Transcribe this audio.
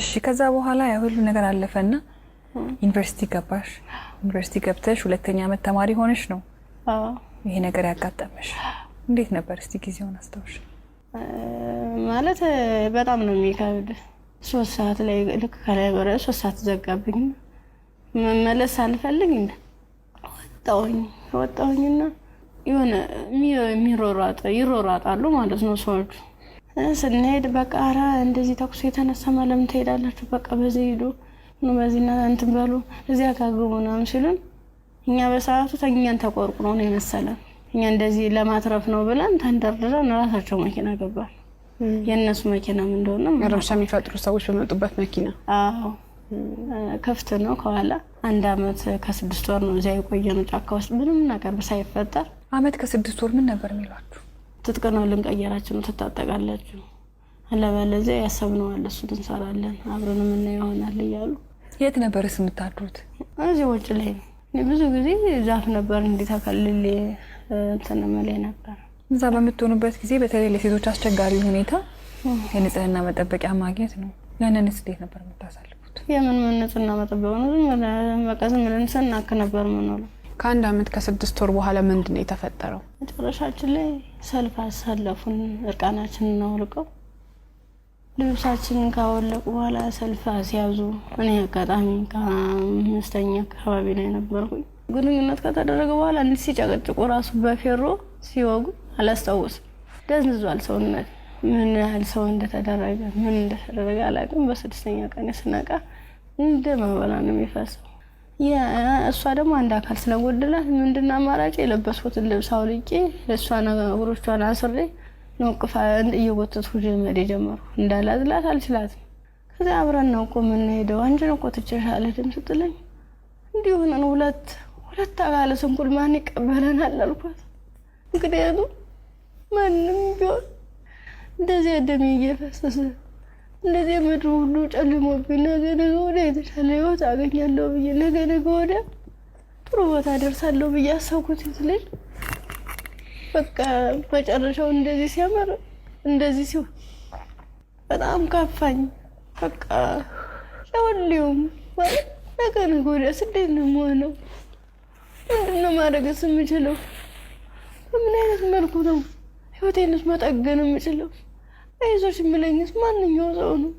እሺ ከዛ በኋላ ያ ሁሉ ነገር አለፈና ዩኒቨርሲቲ ገባሽ። ዩኒቨርሲቲ ገብተሽ ሁለተኛ አመት ተማሪ ሆነሽ ነው ይሄ ነገር ያጋጠመሽ። እንዴት ነበር እስቲ ጊዜውን አስታውሽ? ማለት በጣም ነው የሚከብድ። ሶስት ሰዓት ላይ ልክ ከላይ በረ ሶስት ሰዓት ዘጋብኝ። መመለስ አልፈልግ ወጣሁኝ። ወጣሁኝና የሆነ የሚሮሯጥ ይሮሯጣሉ ማለት ነው ሰዎቹ ስንሄድ በቃ እንደዚህ ተኩስ የተነሳ ማለም ትሄዳላችሁ? በቃ በዚህ ሂዱ በዚህና እንትን በሉ እዚያ ጋር ምናምን ሲሉን እኛ በሰዓቱ ተኛን ተቆርቁ ነው የመሰለን። እኛ እንደዚህ ለማትረፍ ነው ብለን ተንደርድረን ራሳቸው መኪና ገባል። የእነሱ መኪናም እንደሆነ ረብሻ የሚፈጥሩ ሰዎች በመጡበት መኪና። አዎ ክፍት ነው ከኋላ። አንድ አመት ከስድስት ወር ነው እዚያ የቆየ ነው ጫካ ውስጥ ምንም ነገር ሳይፈጠር። አመት ከስድስት ወር ምን ነበር የሚሏችሁ? ትጥቅ ነው ልንቀየራችሁ ነው ትታጠቃላችሁ፣ አለበለዚያ ያሰብነዋል እሱን እንሰራለን አብረን ምን ይሆናል እያሉ። የት ነበርስ የምታድሩት? እዚህ ውጭ ላይ ነው። ብዙ ጊዜ ዛፍ ነበር እንዲተከልል ተከልል እንትን እምልህ ነበር። እዛ በምትሆኑበት ጊዜ በተለይ ለሴቶች አስቸጋሪ ሁኔታ የንጽህና መጠበቂያ ማግኘት ነው። ያንን እንዴት ነበር የምታሳልፉት? የምን ምን ንጽህና መጠበቅ ነው? ዝም በቃ ዝም ብለን ስናክ ነበር ምንውለው ከአንድ አመት ከስድስት ወር በኋላ ምንድን ነው የተፈጠረው? መጨረሻችን ላይ ሰልፍ አሳለፉን። እርቃናችን እናውልቀው ልብሳችንን ካወለቁ በኋላ ሰልፍ አስያዙ። እኔ አጋጣሚ ከአምስተኛ አካባቢ ነው የነበርኩኝ። ግንኙነት ከተደረገ በኋላ እንዲህ ሲጨቀጭቁ ራሱ በፌሮ ሲወጉ አላስታውስም። ደንዝዟል ሰውነት። ምን ያህል ሰው እንደተደረገ ምን እንደተደረገ አላውቅም። በስድስተኛ ቀን ስነቃ እንደ መበላ ነው የሚፈሰው እሷ ደግሞ አንድ አካል ስለጎደላት ምንድን አማራጭ የለበስኩትን ልብስ አውልቄ ለእሷ ነገሮቿን አስሬ ነቅፋ ቅፋ እየጎተትኩ መሄድ የጀመሩ እንዳላዝላት አልችላትም። ከዚያ አብረን ነው እኮ የምንሄደው አንቺን እኮ ትችልሻለሽም ስትለኝ እንዲሆነን ሁለት ሁለት አካለ ስንኩል ማን ይቀበለናል አልኳት። ምክንያቱም ማንም ቢሆን እንደዚያ ደሜ እየፈሰሰ እንደዚህ ምድሩ ሁሉ ጨልሞብኝ ነገ ነገ ወዲያ የተሻለ ህይወት አገኛለሁ ብዬ ነገ ነገ ወዲያ ጥሩ ቦታ ደርሳለሁ ብዬ አሰብኩት ልጅ በቃ መጨረሻው እንደዚህ ሲያምር እንደዚህ ሲሆን በጣም ካፋኝ። በቃ ለወሊውም ማለት ነገ ነገ ወዲያ ስደት ነው የምሆነው። ምንድን ነው ማድረግስ የምችለው? በምን አይነት መልኩ ነው ህይወቴንስ መጠገን የምችለው? አይዞሽ የሚለኝስ ማንኛው ሰው ነው?